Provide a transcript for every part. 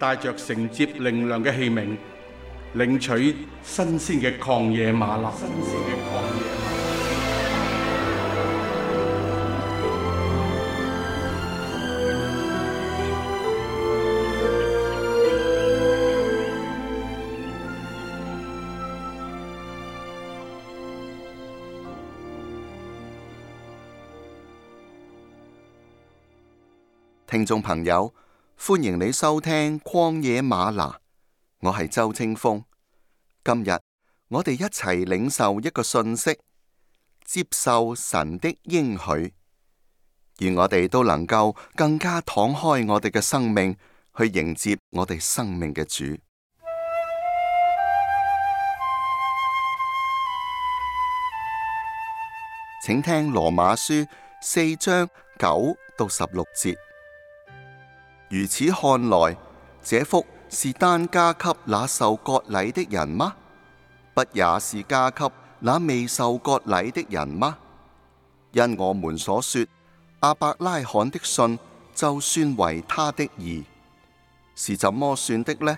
帶着承接靈糧嘅器皿，領取新鮮嘅曠野嗎哪。馬聽眾朋友，歡迎你收聽曠野嗎哪，我係周清風。今日我哋一齊領受一個信息，接受神的應許，願我哋都能夠更加敞開我哋嘅生命，去迎接我哋生命嘅主。請聽羅馬書四章九到十六節。如此看來，這福是單加給那受割禮的人嗎？不也是加給那未受割禮的人嗎？因我們所說，阿伯拉罕的信就算為他的義，是怎麼算的呢？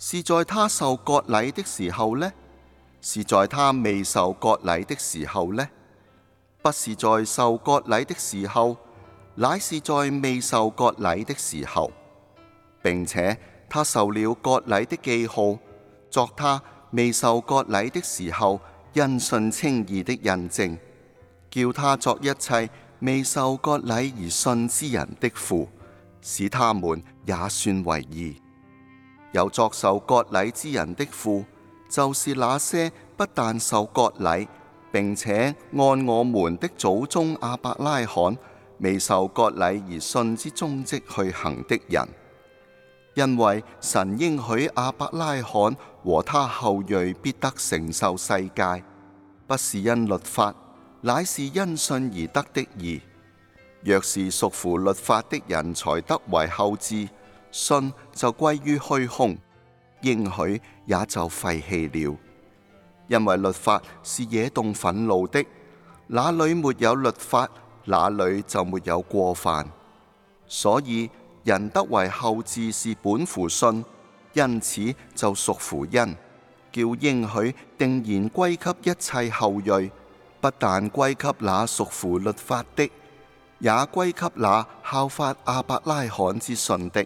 是在他受割禮的時候呢？是在他未受割禮的時候呢？不是在受割禮的時候？乃是在未受割禮的時候，並且他受了割禮的記號，作他未受割禮的時候因信稱義的印證，叫他作一切未受割禮而信之人的父，使他們也算為義。有作受割禮之人的父，就是那些不但受割禮，並且按我們的祖宗阿伯拉罕，未受割禮而信之蹤跡去行的人，因為神應許亞伯拉罕和他後裔必得承受世界，不是因律法，乃是因信而得的義。若是屬乎律法的人才得為後嗣，信就歸於虛空，應許也就廢棄了。因為律法是惹動憤怒的，哪裏沒有律法，那裏就沒有過犯，所以人得為後志是本乎信，因此就屬乎恩，叫應許定然歸給一切後裔，不但歸給那屬乎律法的，也歸給那效法阿伯拉罕之信的。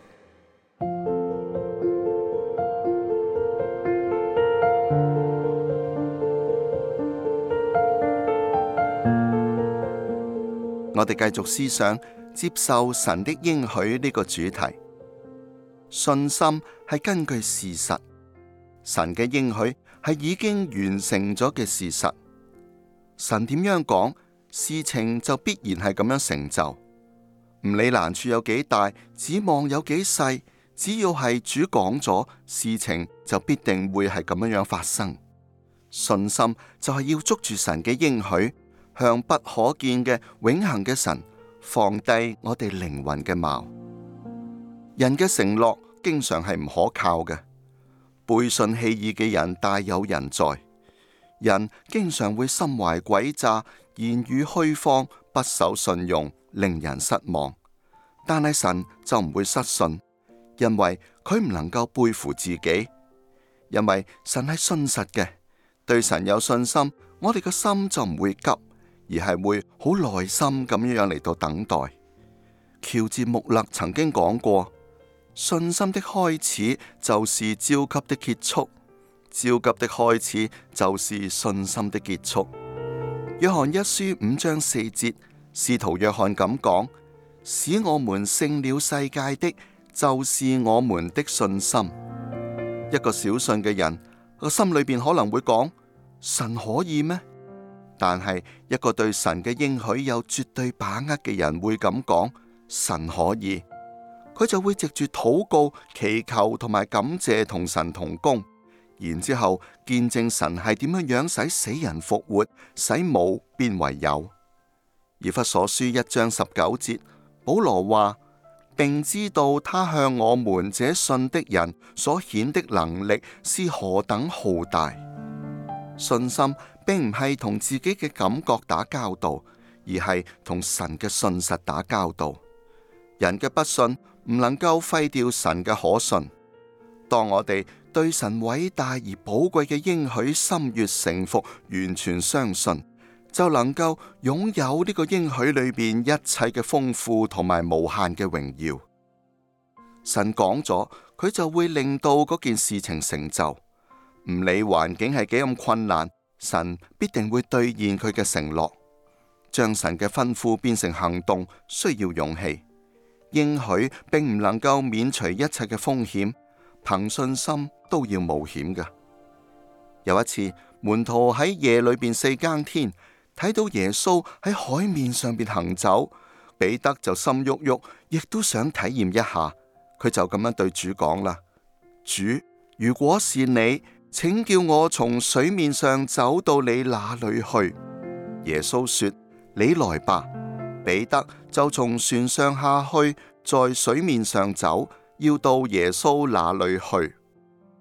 我哋繼續思想接受神的應許呢個主題。信心係根據事實，神嘅應許係已經完成咗嘅事實。神點樣講，事情就必然係咁樣成就。唔理難處有幾大，指望有幾細，只要係主講咗，事情就必定會係咁樣樣發生。信心就係要捉住神嘅應許。向不可見嘅永恒嘅神放低我哋靈魂嘅錨。人嘅承諾經常係唔可靠嘅，背信棄義嘅人大有人在。人經常會心懷詭詐，言語虛謊，不守信用，令人失望。但係神就唔會失信，因為佢唔能夠背負自己，因為神係信實嘅。對神有信心，我哋個心就唔會急。而係會好耐心咁樣樣嚟到等待。喬治穆勒曾經講過：信心的開始就是焦急的結束，焦急的開始就是信心的結束。約翰一書五章四節，使徒約翰咁講：使我們勝了世界的，就是我們的信心。一個小信嘅人個心裏邊可能會講：神可以咩？但係一個對神嘅應許有絕對把握嘅人會咁講，神可以，佢就會藉住禱告、祈求同埋感謝同神同工，然之後見證神係點樣樣使死人復活，使冇變為有。以弗所書一章十九節，保羅話，並知道他向我們這信的人所顯的能力是何等浩大，信心。並唔係同自己嘅感覺打交道，而係同神嘅信實打交道。人嘅不信唔能夠廢掉神嘅可信。當我哋對神偉大而寶貴嘅應許心悅誠服，完全相信，就能夠擁有呢個應許裏邊一切嘅豐富同埋無限嘅榮耀。神講咗，佢就會令到嗰件事情成就，唔理環境係幾咁困難。神必定會兌現佢嘅承諾。將神嘅吩咐變成行動，需要勇氣。應許並唔能夠免除一切嘅風險，憑信心都要冒險㗎。有一次，門徒喺夜裏邊四更天睇到耶穌喺海面上邊行走，彼得就心喐喐，亦都想體驗一下。佢就咁樣對主講啦：「主，如果是你。請叫我從水面上走到你那裏去。耶穌說：你來吧。彼得就從船上下去，在水面上走，要到耶穌那裏去。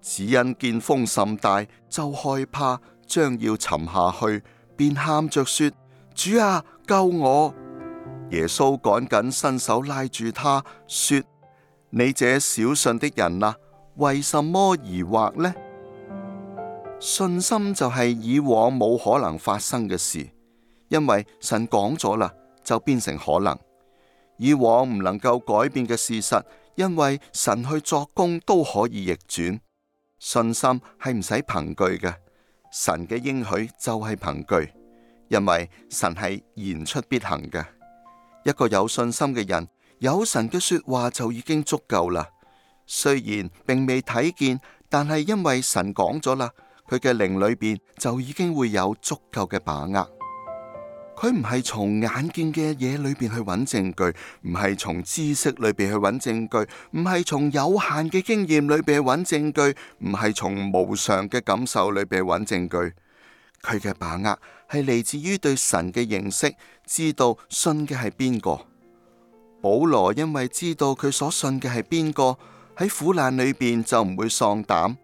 只因見風甚大，就害怕，將要沉下去，便喊着說：主啊，救我！耶穌趕緊伸手拉住他，說：你這小信的人啊，為什麼疑惑呢？信心就係以往冇可能發生嘅事，因為神講咗啦，就變成可能。以往唔能夠改變嘅事實，因為神去作工都可以逆轉。信心係唔使憑據嘅，神嘅應許就係憑據，因為神係言出必行嘅。一個有信心嘅人，有神嘅說話就已經足夠啦。雖然並未睇見，但係因為神講咗啦。佢嘅靈裏邊就已經會有足夠嘅把握。佢唔係從眼見嘅嘢裏邊去揾證據，唔係從知識裏邊去揾證據，唔係從有限嘅經驗裏邊揾證據，唔係從無常嘅感受裏邊揾證據。佢嘅把握係嚟自於對神嘅認識，知道信嘅係邊個。保羅因為知道佢所信嘅係邊個，喺苦難裏邊就唔會喪膽。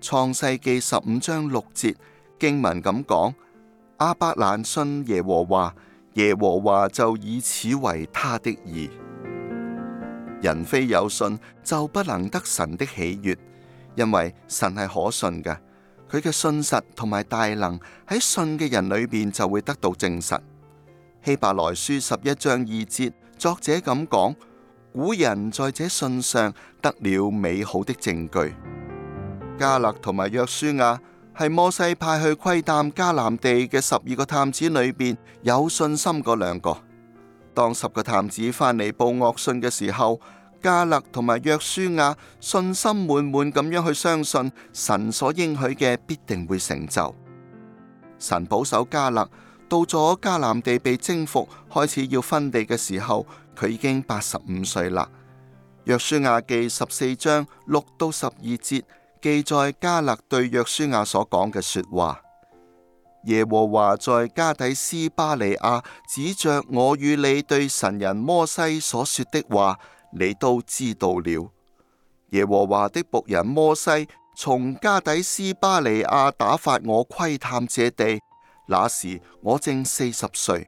創世記十五章六節經文咁講：阿伯蘭信耶和華，耶和華就以此為他的義。人非有信就不能得神的喜悦，因為神係可信嘅。佢嘅信實同埋大能喺信嘅人裏邊就會得到證實。希伯來書十一章二節作者咁講：古人在這信上得了美好的證據。加勒同埋約書亞係摩西派去窺探迦南地嘅十二個探子裏邊有信心嗰兩個。當十個探子返嚟報惡信嘅時候，加勒同埋約書亞信心滿滿咁樣去相信神所應許嘅必定會成就。神保守加勒到咗迦南地被征服，開始要分地嘅時候，佢已經八十五歲啦。約書亞記十四章六到十二節。記載加勒對約書亞所講嘅說話。耶和華在加底斯巴利亞指着我與你對神人摩西所說的話，你都知道了。耶和華的僕人摩西從加底斯巴利亞打發我窺探這地，那時我正四十歲。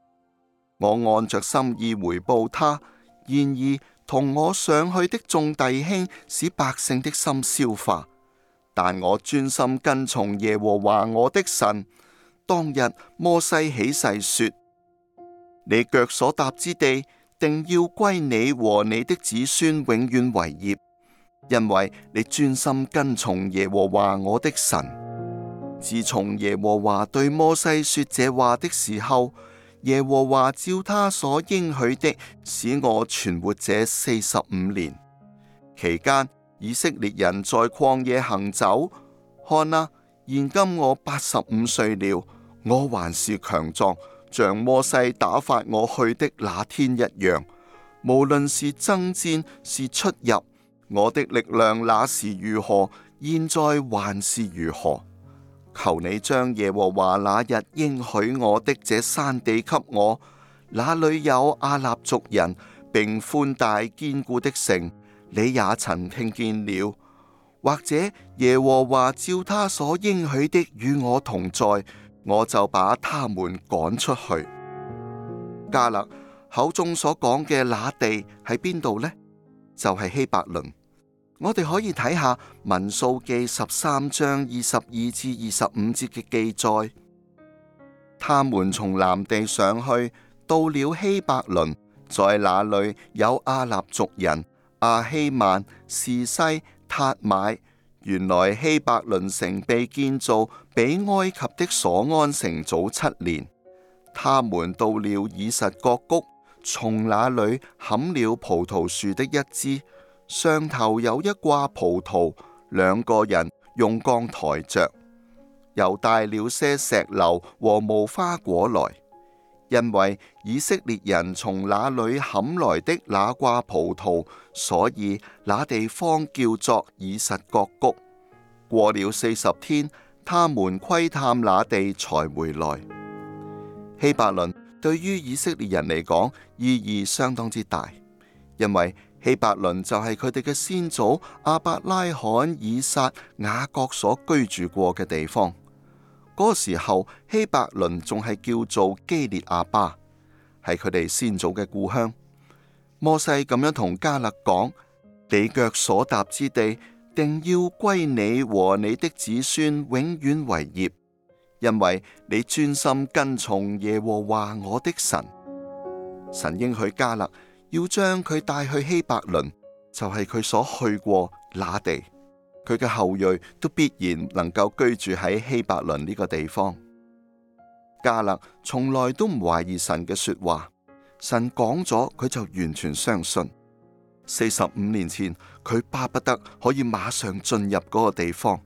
我按着心意回報他，然而同我上去的眾弟兄使百姓的心消化。但我專心跟從耶和華我的神。當日摩西起誓說：你腳所踏之地，定要歸你和你的子孫永遠為業，因為你專心跟從耶和華我的神。自從耶和華對摩西說這話的時候，耶和華照他所應許的，使我存活這四十五年期間。以色列人在曠野行走，看啊！現今我八十五歲了，我還是強壯，像摩西打發我去的那天一樣。無論是爭戰是出入，我的力量那時如何，現在還是如何。求你將耶和華那日應許我的這山地給我，那裡有亞衲族人，並寬大堅固的城。你也曾聽見了，或者耶和華照他所應許的與我同在，我就把他們趕出去。迦勒口中所講嘅那地喺邊度呢？就係、是、希伯倫。我哋可以睇下民數記十三章二十二至二十五節嘅記載，他們從南地上去，到了希伯倫，在那裏有亞衲族人。阿希曼、是西、塔買，原來希伯倫城被建造比埃及的所安城早七年。他們到了以實各谷，從那裡砍了葡萄樹的一枝，上頭有一掛葡萄，兩個人用槓抬着，又帶了些石榴和無花果來。因為以色列人從那裏砍來的那掛葡萄，所以那地方叫做以實各谷。過了四十天，他們窺探那地才回來。希伯崙對於以色列人嚟講意義相當之大，因為希伯崙就係佢哋嘅先祖亞伯拉罕、以撒、雅各所居住過嘅地方。嗰個時候，希伯倫仲係叫做基列亞巴，係佢哋先祖嘅故鄉。摩西咁樣同加勒講，你腳所踏之地，定要歸你和你的子孫永遠為業，因為你專心跟從耶和華我的神。神應許加勒要將佢帶去希伯倫，就係佢所去過那地。佢嘅後裔都必然能夠居住喺希伯倫呢個地方。加勒從來都唔懷疑神嘅說話，神講咗佢就完全相信。四十五年前佢巴不得可以馬上進入嗰個地方，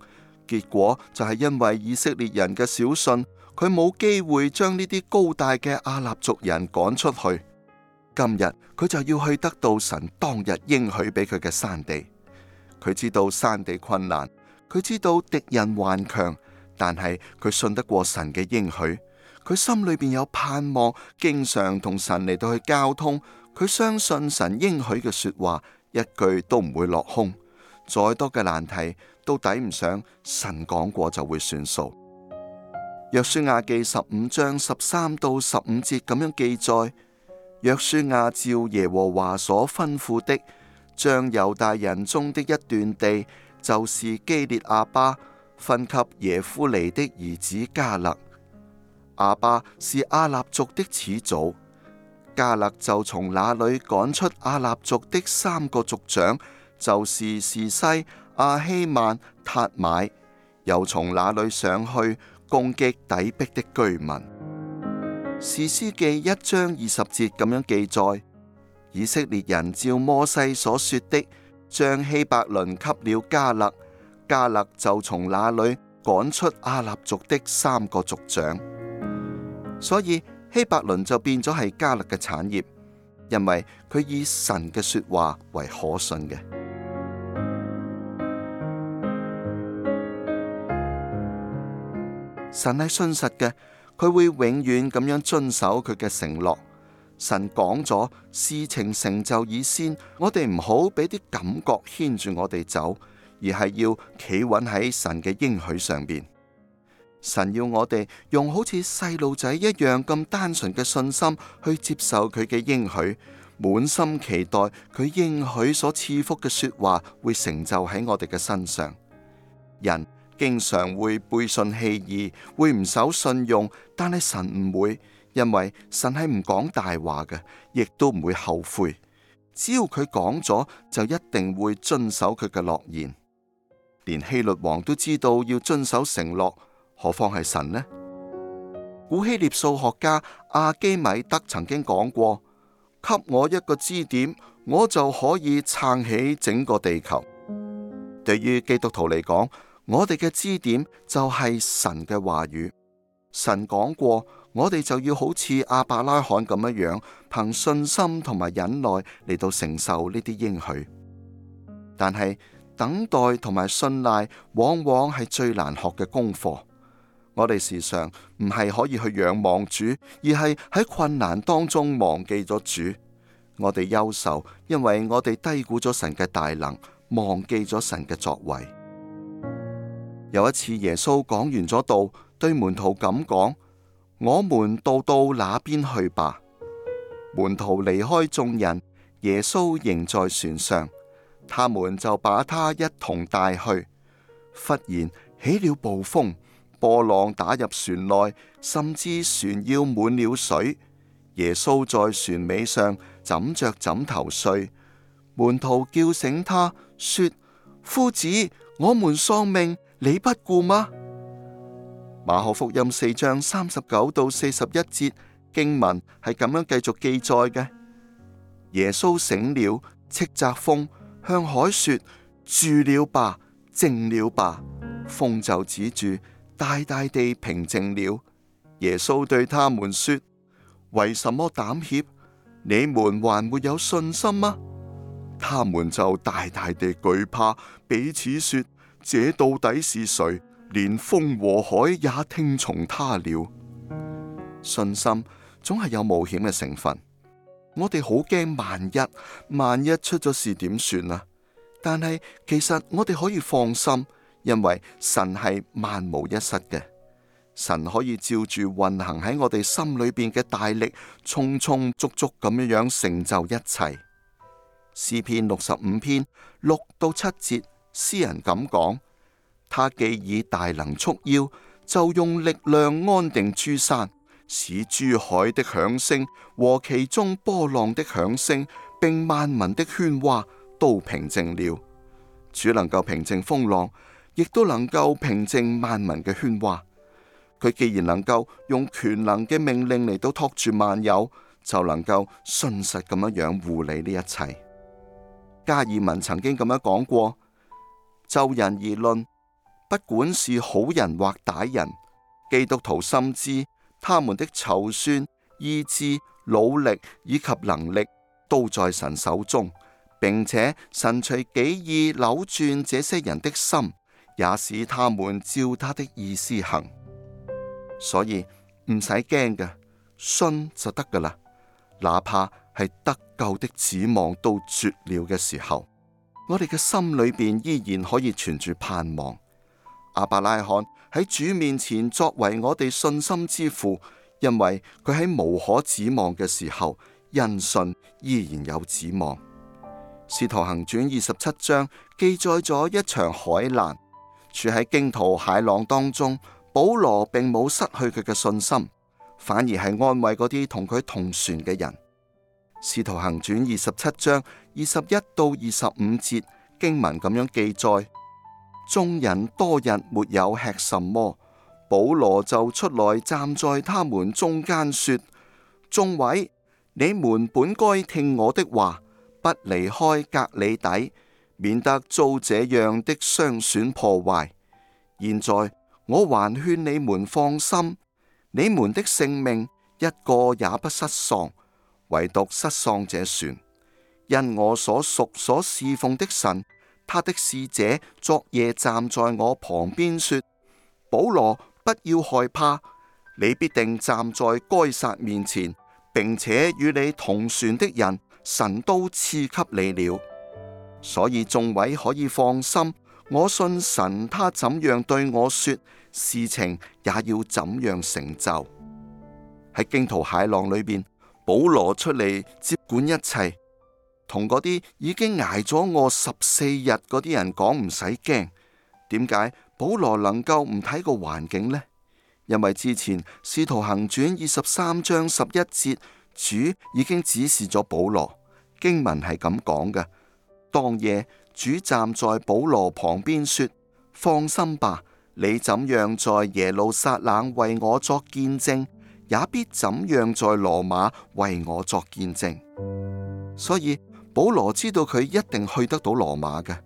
結果就係因為以色列人嘅小信，佢冇機會將呢啲高大嘅阿納族人趕出去。今日佢就要去得到神當日應許俾佢嘅山地。佢知道山地困難，佢知道敵人頑強，但係佢信得過神嘅應許，佢心裏面有盼望，經常同神嚟到去交通，佢相信神應許嘅說話，一句都唔會落空，再多嘅難題都抵唔上神講過就會算數。約書亞記十五章十三到十五節咁樣記載：約書亞照耶和華所吩咐的。將猶大人中的一段地，就是基列阿巴分給耶夫尼的兒子迦勒。阿巴是阿納族的始祖，迦勒就從那裏趕出阿納族的三個族長，就是時西、阿希曼、塔買，又從那裏上去攻擊底壁的居民。士師記一章二十節咁樣記載。以色列人照摩西所說的，將希伯倫給了迦勒，迦勒就從那裏趕出亞衲族的三個族長，所以希伯倫就變咗係迦勒嘅產業，因為佢以神嘅說話為可信嘅，神係信實嘅，佢會永遠咁樣遵守佢嘅承諾。神講咗，事情成就以先，我哋唔好俾啲感覺牽住我哋走，而係要企穩喺神嘅應許上邊。神要我哋用好似細路仔一樣咁單純嘅信心去接受佢嘅應許，滿心期待佢應許所賜福嘅說話會成就喺我哋嘅身上。人經常會背信棄義，會唔守信用，但係神唔會。因為神係唔講大話嘅，亦都唔會後悔。只要佢講咗，就一定會遵守佢嘅諾言。連希律王都知道要遵守承諾，何況係神呢？古希臘數學家阿基米德曾經講過：「給我一個支點，我就可以撐起整個地球。」對於基督徒嚟講，我哋嘅支點就係神嘅話語。神講過。我哋就要好似阿伯拉罕咁樣樣，憑信心同埋忍耐嚟到承受呢啲應許。但係等待同埋信賴，往往係最難學嘅功課。我哋時常唔係可以去仰望主，而係喺困難當中忘記咗主。我哋憂愁，因為我哋低估咗神嘅大能，忘記咗神嘅作為。有一次耶穌講完咗道，對門徒咁講。我們到到那邊去吧。門徒離開眾人，耶穌仍在船上，他們就把他一同帶去。忽然起了暴風，波浪打入船內，甚至船要滿了水。耶穌在船尾上枕着枕頭睡。門徒叫醒他，說：夫子，我們喪命，你不顧嗎？馬可福音四章三十九到四十一節經文係咁樣繼續記載嘅：耶穌醒了，斥責風，向海說：住了吧，靜了吧。風就止住，大大地平靜了。耶穌對他們說：為什麼膽怯？你們還沒有信心嗎？他們就大大地懼怕，彼此說：這到底是誰？連風和海也聽從他了。信心總係有冒險嘅成分，我哋好驚萬一，萬一出咗事點算啊？但係其實我哋可以放心，因為神係萬無一失嘅，神可以照住運行喺我哋心裏邊嘅大力，充充足足咁樣樣成就一切。詩篇六十五篇六到七節，詩人咁講。他既以大能束腰，就用力量安定諸山，使諸海的響聲和其中波浪的響聲，並萬民的喧嘩都平靜了。主能夠平靜風浪，亦都能夠平靜萬民嘅喧嘩。佢既然能夠用權能嘅命令嚟到托住萬有，就能夠信實咁樣樣護理呢一切。加爾文曾經咁樣講過：就人而論。不管是好人或歹人，基督徒深知他們的籌算、意志、努力以及能力都在神手中，並且神隨己意扭轉這些人的心，也使他們照他的意思行。所以唔使驚嘅，信就得㗎啦。哪怕係得救的指望都絕了嘅時候，我哋嘅心裏邊依然可以存住盼望。亞伯拉罕喺主面前作為我哋信心之父，因為佢喺無可指望嘅時候，因信依然有指望。使徒行傳二十七章記載咗一場海難，處喺驚濤駭浪當中，保羅並冇失去佢嘅信心，反而係安慰嗰啲同佢同船嘅人。使徒行傳二十七章二十一到二十五節經文咁樣記載。眾人多日沒有吃什麼，保羅就出來站在他們中間說：眾位，你們本該聽我的話，不離開格里底，免得遭這樣的傷損破壞。現在我還勸你們放心，你們的性命一個也不失喪，唯獨失喪者船。因我所屬所侍奉的神。他的使者昨夜站在我旁邊說：保羅，不要害怕，你必定站在該撒面前，並且與你同船的人，神都賜給你了。所以眾位可以放心，我信神，他怎樣對我說，事情也要怎樣成就。喺驚濤駭浪裏邊，保羅出嚟接管一切。同嗰啲已經挨咗我十四日嗰啲人講，唔使驚。點解保羅能夠唔睇個環境呢？因為之前《使徒行傳》二十三章十一節，主已經指示咗保羅，經文係咁講嘅。當夜主站在保羅旁邊說：放心吧，你怎樣在耶路撒冷為我作見證，也必怎樣在羅馬為我作見證。所以。保羅知道佢一定去得到羅馬嘅，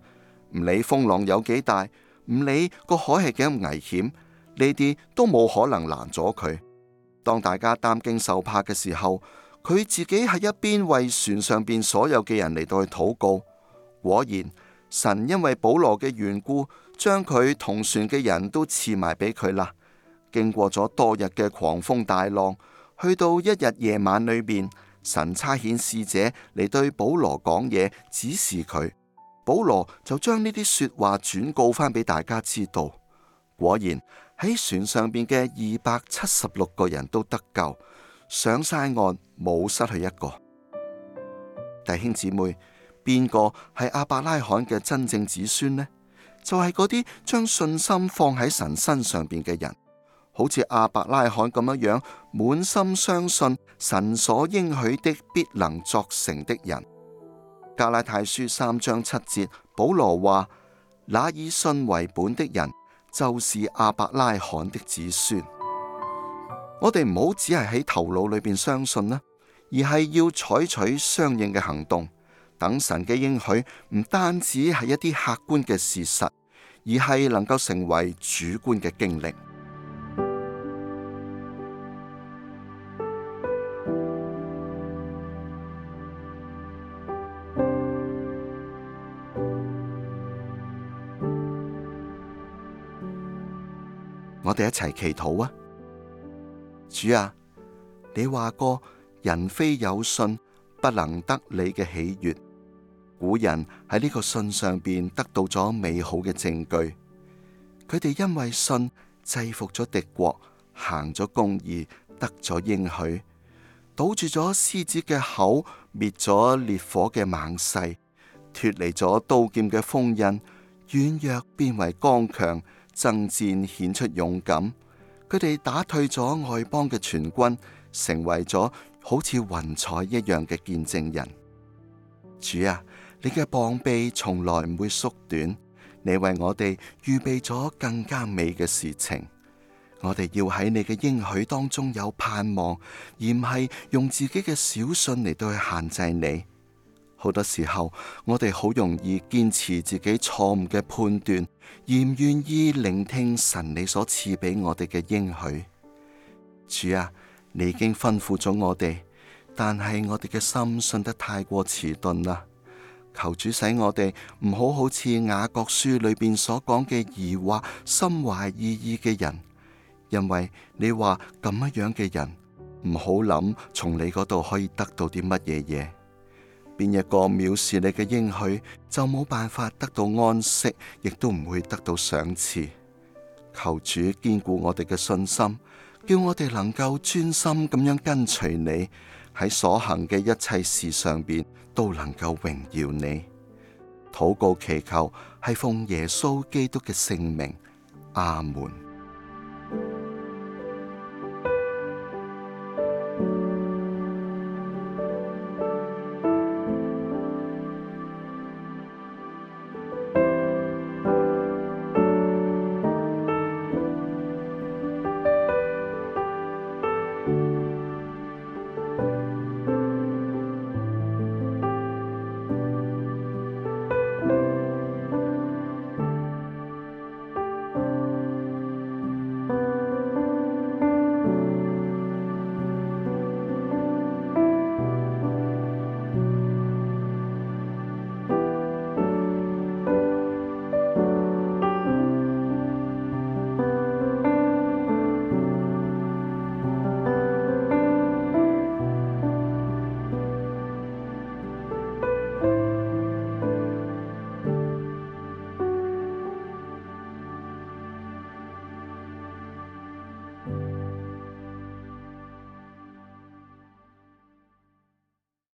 唔理風浪有幾大，唔理個海係幾危險，呢啲都冇可能攔咗佢。當大家擔驚受怕嘅時候，佢自己喺一邊為船上邊所有嘅人嚟到去禱告。果然，神因為保羅嘅緣故，將佢同船嘅人都賜埋俾佢啦。經過咗多日嘅狂風大浪，去到一日夜晚裏邊。神差遣使者嚟對保羅講嘢，指示佢，保羅就將呢啲說話轉告翻俾大家知道。果然喺船上邊嘅二百七十六個人都得救，上晒岸冇失去一個。弟兄姊妹，邊個係亞伯拉罕嘅真正子孫呢？就係嗰啲將信心放喺神身上邊嘅人。好似亞伯拉罕咁樣樣，滿心相信神所應許的必能作成的人。加拉太書三章七節，保羅話：那以信為本的人，就是亞伯拉罕的子孫。我哋唔好只係喺頭腦裏邊相信啦，而係要採取相應嘅行動，等神嘅應許唔單止係一啲客觀嘅事實，而係能夠成為主觀嘅經歷。我哋一齊祈禱啊！主啊，你話過，人非有信，不能得你嘅喜悦。古人喺呢個信上邊得到咗美好嘅證據，佢哋因為信制服咗敵國，行咗公義，得咗應許，堵住咗獅子嘅口，滅咗烈火嘅猛勢，脱離咗刀劍嘅鋒刃，軟弱變為剛強。爭戰顯出勇敢，佢哋打退咗外邦嘅全軍，成為咗好似雲彩一樣嘅見證人。主啊，你嘅膀臂從來唔會縮短，你為我哋預備咗更加美嘅事情。我哋要喺你嘅應許當中有盼望，而唔係用自己嘅小信嚟到去限制你。好多時候，我哋好容易堅持自己錯誤嘅判斷，而唔願意聆聽神你所賜俾我哋嘅應許。主啊，你已經吩咐咗我哋，但係我哋嘅心信得太過遲鈍啦。求主使我哋唔好好似雅各書裏邊所講嘅疑惑、心懷二意嘅人，因為你話咁樣嘅人唔好諗從你嗰度可以得到啲乜嘢嘢。邊一個藐視你嘅應許，就冇辦法得到安息，亦都唔會得到賞賜。求主堅固我哋嘅信心，叫我哋能夠專心咁樣跟隨你，喺所行嘅一切事上面都能夠榮耀你。禱告祈求，係奉耶穌基督嘅聖名，阿門。